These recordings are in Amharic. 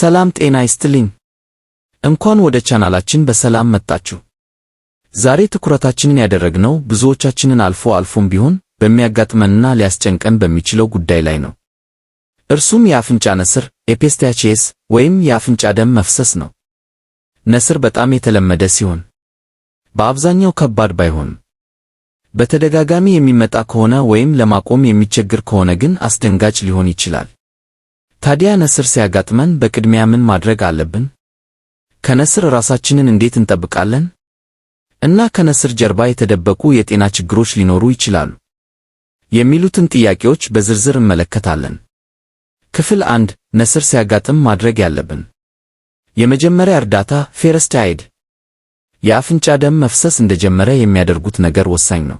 ሰላም ጤና ይስጥልኝ። እንኳን ወደ ቻናላችን በሰላም መጣችሁ። ዛሬ ትኩረታችንን ያደረግነው ብዙዎቻችንን አልፎ አልፎም ቢሆን በሚያጋጥመንና ሊያስጨንቀን በሚችለው ጉዳይ ላይ ነው። እርሱም የአፍንጫ ነስር ኤፒስታቺየስ ወይም የአፍንጫ ደም መፍሰስ ነው። ነስር በጣም የተለመደ ሲሆን በአብዛኛው ከባድ ባይሆንም በተደጋጋሚ የሚመጣ ከሆነ ወይም ለማቆም የሚቸግር ከሆነ ግን አስደንጋጭ ሊሆን ይችላል። ታዲያ ነስር ሲያጋጥመን በቅድሚያ ምን ማድረግ አለብን? ከነስር ራሳችንን እንዴት እንጠብቃለን? እና ከነስር ጀርባ የተደበቁ የጤና ችግሮች ሊኖሩ ይችላሉ የሚሉትን ጥያቄዎች በዝርዝር እንመለከታለን። ክፍል አንድ ነስር ሲያጋጥም ማድረግ ያለብን የመጀመሪያ እርዳታ ፈርስት አይድ የአፍንጫ ደም መፍሰስ እንደጀመረ የሚያደርጉት ነገር ወሳኝ ነው።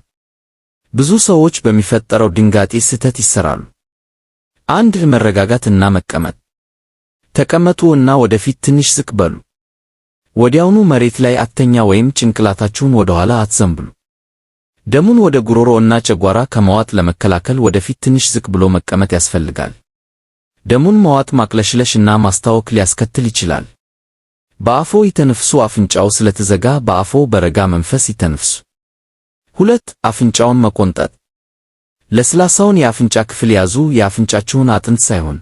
ብዙ ሰዎች በሚፈጠረው ድንጋጤ ስህተት ይሰራሉ። አንድ መረጋጋት እና መቀመጥ። ተቀመጡ እና ወደፊት ትንሽ ዝቅ በሉ። ወዲያውኑ መሬት ላይ አተኛ ወይም ጭንቅላታችሁን ወደኋላ አትዘንብሉ። ደሙን ወደ ጉሮሮ እና ጨጓራ ከመዋጥ ለመከላከል ወደፊት ትንሽ ዝቅ ብሎ መቀመጥ ያስፈልጋል። ደሙን መዋጥ ማቅለሽለሽ እና ማስታወክ ሊያስከትል ይችላል። በአፎ ይተንፍሱ። አፍንጫው ስለተዘጋ በአፎ በረጋ መንፈስ ይተንፍሱ። ሁለት አፍንጫውን መቆንጠጥ ለስላሳውን የአፍንጫ ክፍል ያዙ፣ የአፍንጫችሁን አጥንት ሳይሆን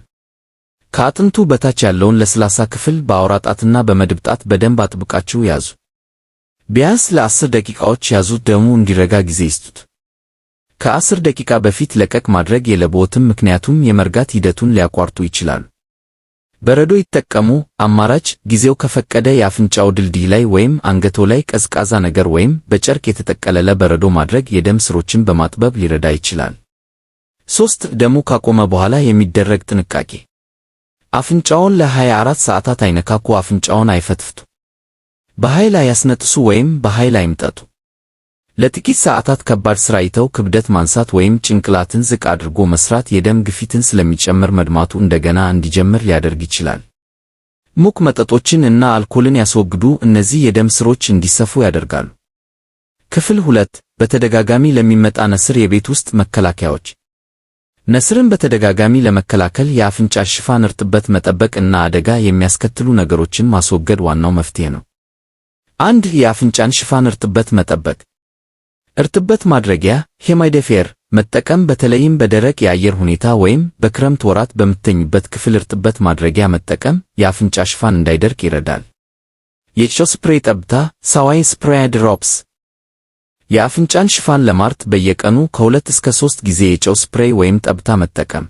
ከአጥንቱ በታች ያለውን ለስላሳ ክፍል በአውራ ጣትና በመድብ ጣት በደንብ አጥብቃችሁ ያዙ። ቢያንስ ለአስር ደቂቃዎች ያዙት። ደሙ እንዲረጋ ጊዜ ይስጡት። ከአስር ደቂቃ በፊት ለቀቅ ማድረግ የለብዎትም፣ ምክንያቱም የመርጋት ሂደቱን ሊያቋርጡ ይችላሉ። በረዶ ይጠቀሙ። አማራጭ ጊዜው ከፈቀደ የአፍንጫው ድልድይ ላይ ወይም አንገቶ ላይ ቀዝቃዛ ነገር ወይም በጨርቅ የተጠቀለለ በረዶ ማድረግ የደም ስሮችን በማጥበብ ሊረዳ ይችላል። ሶስት ደሙ ካቆመ በኋላ የሚደረግ ጥንቃቄ አፍንጫውን ለ24 ሰዓታት አይነካኩ። አፍንጫውን አይፈትፍቱ። በኃይል አያስነጥሱ ወይም በኃይል አይምጠጡ። ለጥቂት ሰዓታት ከባድ ስራ አይተው ክብደት ማንሳት ወይም ጭንቅላትን ዝቅ አድርጎ መስራት የደም ግፊትን ስለሚጨምር መድማቱ እንደገና እንዲጀምር ሊያደርግ ይችላል። ሙቅ መጠጦችን እና አልኮልን ያስወግዱ። እነዚህ የደም ስሮች እንዲሰፉ ያደርጋሉ። ክፍል ሁለት በተደጋጋሚ ለሚመጣ ነስር የቤት ውስጥ መከላከያዎች። ነስርን በተደጋጋሚ ለመከላከል የአፍንጫ ሽፋን እርጥበት መጠበቅ እና አደጋ የሚያስከትሉ ነገሮችን ማስወገድ ዋናው መፍትሄ ነው። አንድ የአፍንጫን ሽፋን እርጥበት መጠበቅ እርጥበት ማድረጊያ ሄማይደፌር መጠቀም በተለይም በደረቅ የአየር ሁኔታ ወይም በክረምት ወራት በምትተኙበት ክፍል እርጥበት ማድረጊያ መጠቀም የአፍንጫ ሽፋን እንዳይደርቅ ይረዳል። የቾ ስፕሬይ ጠብታ ሳዋይ ስፕሬይ ድሮፕስ የአፍንጫን ሽፋን ለማርት በየቀኑ ከሁለት እስከ ሦስት ጊዜ የጨው ስፕሬይ ወይም ጠብታ መጠቀም።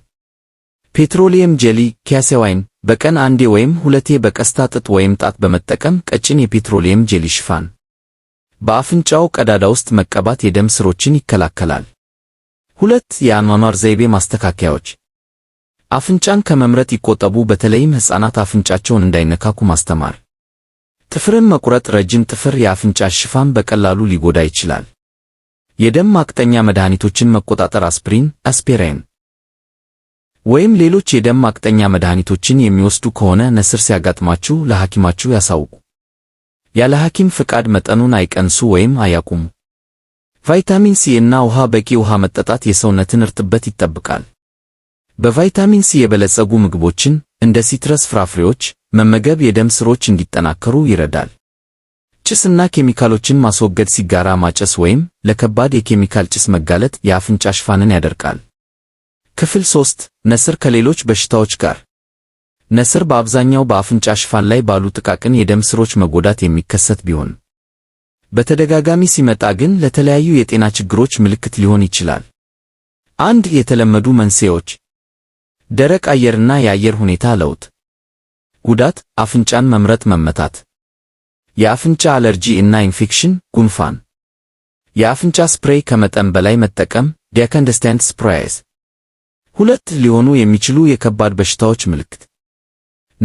ፔትሮሊየም ጄሊ ኪያሴዋይን በቀን አንዴ ወይም ሁለቴ በቀስታ ጥጥ ወይም ጣት በመጠቀም ቀጭን የፔትሮሊየም ጄሊ ሽፋን በአፍንጫው ቀዳዳ ውስጥ መቀባት የደም ስሮችን ይከላከላል። ሁለት የአኗኗር ዘይቤ ማስተካከያዎች አፍንጫን ከመምረጥ ይቆጠቡ። በተለይም ሕፃናት አፍንጫቸውን እንዳይነካኩ ማስተማር። ጥፍርን መቁረጥ፣ ረጅም ጥፍር የአፍንጫ ሽፋን በቀላሉ ሊጎዳ ይችላል። የደም ማቅጠኛ መድኃኒቶችን መቆጣጠር፣ አስፕሪን፣ አስፔሬን ወይም ሌሎች የደም ማቅጠኛ መድኃኒቶችን የሚወስዱ ከሆነ ነስር ሲያጋጥማችሁ ለሐኪማችሁ ያሳውቁ። ያለ ሐኪም ፍቃድ መጠኑን አይቀንሱ ወይም አያቁሙ። ቫይታሚን ሲ እና ውሃ በቂ ውሃ መጠጣት የሰውነትን እርጥበት ይጠብቃል። በቫይታሚን ሲ የበለጸጉ ምግቦችን እንደ ሲትረስ ፍራፍሬዎች መመገብ የደም ስሮች እንዲጠናከሩ ይረዳል። ጭስና ኬሚካሎችን ማስወገድ ሲጋራ ማጨስ ወይም ለከባድ የኬሚካል ጭስ መጋለጥ የአፍንጫ ሽፋንን ያደርቃል። ክፍል ሶስት ነስር ከሌሎች በሽታዎች ጋር ነስር በአብዛኛው በአፍንጫ ሽፋን ላይ ባሉ ጥቃቅን የደም ስሮች መጎዳት የሚከሰት ቢሆንም በተደጋጋሚ ሲመጣ ግን ለተለያዩ የጤና ችግሮች ምልክት ሊሆን ይችላል። አንድ የተለመዱ መንስኤዎች ደረቅ አየርና የአየር ሁኔታ ለውጥ፣ ጉዳት፣ አፍንጫን መምረጥ፣ መመታት፣ የአፍንጫ አለርጂ እና ኢንፌክሽን፣ ጉንፋን፣ የአፍንጫ ስፕሬይ ከመጠን በላይ መጠቀም ዲከንደስተንት ስፕራይስ። ሁለት ሊሆኑ የሚችሉ የከባድ በሽታዎች ምልክት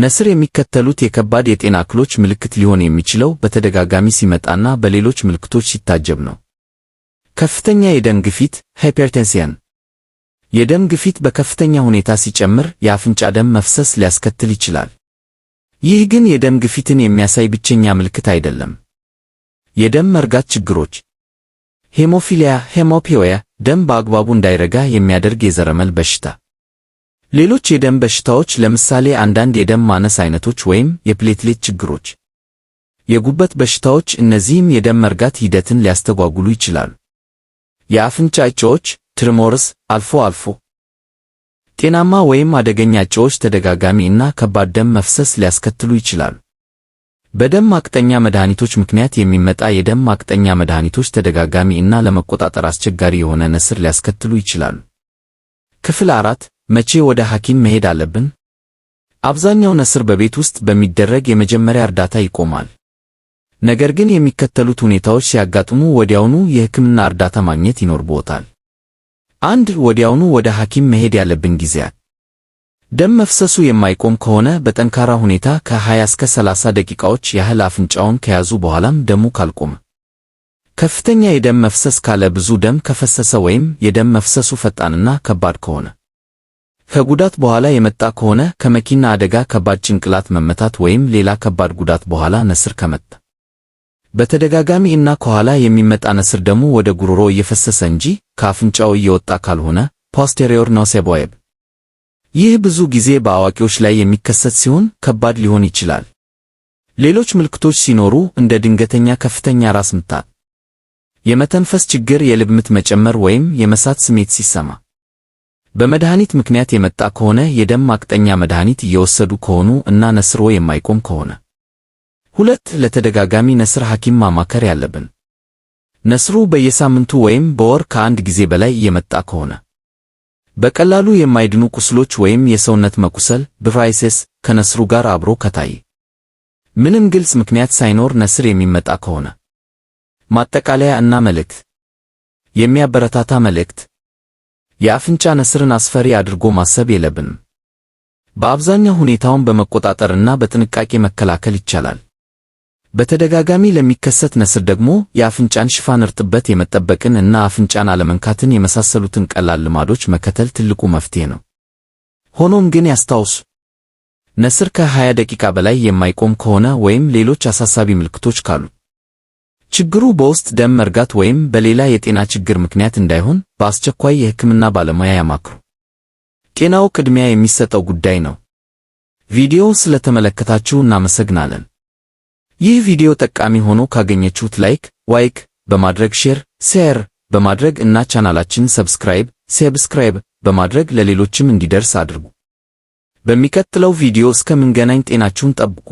ነስር የሚከተሉት የከባድ የጤና እክሎች ምልክት ሊሆን የሚችለው በተደጋጋሚ ሲመጣና በሌሎች ምልክቶች ሲታጀብ ነው። ከፍተኛ የደም ግፊት ሃይፐርቴንሲያን። የደም ግፊት በከፍተኛ ሁኔታ ሲጨምር የአፍንጫ ደም መፍሰስ ሊያስከትል ይችላል። ይህ ግን የደም ግፊትን የሚያሳይ ብቸኛ ምልክት አይደለም። የደም መርጋት ችግሮች ሄሞፊሊያ፣ ሄሞፒዮያ ደም በአግባቡ እንዳይረጋ የሚያደርግ የዘረመል በሽታ ሌሎች የደም በሽታዎች ለምሳሌ አንዳንድ የደም ማነስ አይነቶች ወይም የፕሌትሌት ችግሮች፣ የጉበት በሽታዎች እነዚህም የደም መርጋት ሂደትን ሊያስተጓጉሉ ይችላሉ። የአፍንጫ እጢዎች ትርሞርስ አልፎ አልፎ ጤናማ ወይም አደገኛ እጢዎች ተደጋጋሚ እና ከባድ ደም መፍሰስ ሊያስከትሉ ይችላሉ። በደም ማቅጠኛ መድኃኒቶች ምክንያት የሚመጣ የደም ማቅጠኛ መድኃኒቶች ተደጋጋሚ እና ለመቆጣጠር አስቸጋሪ የሆነ ነስር ሊያስከትሉ ይችላሉ። ክፍል አራት መቼ ወደ ሐኪም መሄድ አለብን? አብዛኛው ነስር በቤት ውስጥ በሚደረግ የመጀመሪያ እርዳታ ይቆማል። ነገር ግን የሚከተሉት ሁኔታዎች ሲያጋጥሙ ወዲያውኑ የሕክምና እርዳታ ማግኘት ይኖርብዎታል። አንድ ወዲያውኑ ወደ ሐኪም መሄድ ያለብን ጊዜያት ደም መፍሰሱ የማይቆም ከሆነ በጠንካራ ሁኔታ ከ20 እስከ 30 ደቂቃዎች ያህል አፍንጫውን ከያዙ በኋላም ደሙ ካልቆመ ከፍተኛ የደም መፍሰስ ካለ ብዙ ደም ከፈሰሰ ወይም የደም መፍሰሱ ፈጣንና ከባድ ከሆነ ከጉዳት በኋላ የመጣ ከሆነ ከመኪና አደጋ፣ ከባድ ጭንቅላት መመታት ወይም ሌላ ከባድ ጉዳት በኋላ ነስር ከመጣ በተደጋጋሚ እና ከኋላ የሚመጣ ነስር ደግሞ ወደ ጉሮሮ እየፈሰሰ እንጂ ከአፍንጫው እየወጣ ካልሆነ ፖስቴሪዮር ኖሴቦየብ። ይህ ብዙ ጊዜ በአዋቂዎች ላይ የሚከሰት ሲሆን ከባድ ሊሆን ይችላል። ሌሎች ምልክቶች ሲኖሩ እንደ ድንገተኛ ከፍተኛ ራስ ምታት፣ የመተንፈስ ችግር፣ የልብ ምት መጨመር ወይም የመሳት ስሜት ሲሰማ በመድኃኒት ምክንያት የመጣ ከሆነ የደም ማቅጠኛ መድኃኒት እየወሰዱ ከሆኑ እና ነስሮ የማይቆም ከሆነ ሁለት ለተደጋጋሚ ነስር ሐኪም ማማከር ያለብን። ነስሩ በየሳምንቱ ወይም በወር ከአንድ ጊዜ በላይ የመጣ ከሆነ በቀላሉ የማይድኑ ቁስሎች ወይም የሰውነት መቁሰል ብራይሴስ ከነስሩ ጋር አብሮ ከታይ ምንም ግልጽ ምክንያት ሳይኖር ነስር የሚመጣ ከሆነ ማጠቃለያ እና መልእክት የሚያበረታታ መልእክት የአፍንጫ ነስርን አስፈሪ አድርጎ ማሰብ የለብንም። በአብዛኛው ሁኔታውን በመቆጣጠርና በጥንቃቄ መከላከል ይቻላል። በተደጋጋሚ ለሚከሰት ነስር ደግሞ የአፍንጫን ሽፋን እርጥበት የመጠበቅን እና አፍንጫን አለመንካትን የመሳሰሉትን ቀላል ልማዶች መከተል ትልቁ መፍትሄ ነው። ሆኖም ግን ያስታውሱ፣ ነስር ከ20 ደቂቃ በላይ የማይቆም ከሆነ ወይም ሌሎች አሳሳቢ ምልክቶች ካሉ ችግሩ በውስጥ ደም መርጋት ወይም በሌላ የጤና ችግር ምክንያት እንዳይሆን በአስቸኳይ የሕክምና ባለሙያ ያማክሩ። ጤናው ቅድሚያ የሚሰጠው ጉዳይ ነው። ቪዲዮው ስለተመለከታችሁ እናመሰግናለን። ይህ ቪዲዮ ጠቃሚ ሆኖ ካገኘችሁት ላይክ ዋይክ በማድረግ ሼር ሼር በማድረግ እና ቻናላችንን ሰብስክራይብ ሰብስክራይብ በማድረግ ለሌሎችም እንዲደርስ አድርጉ። በሚቀጥለው ቪዲዮ እስከምንገናኝ ጤናችሁን ጠብቁ።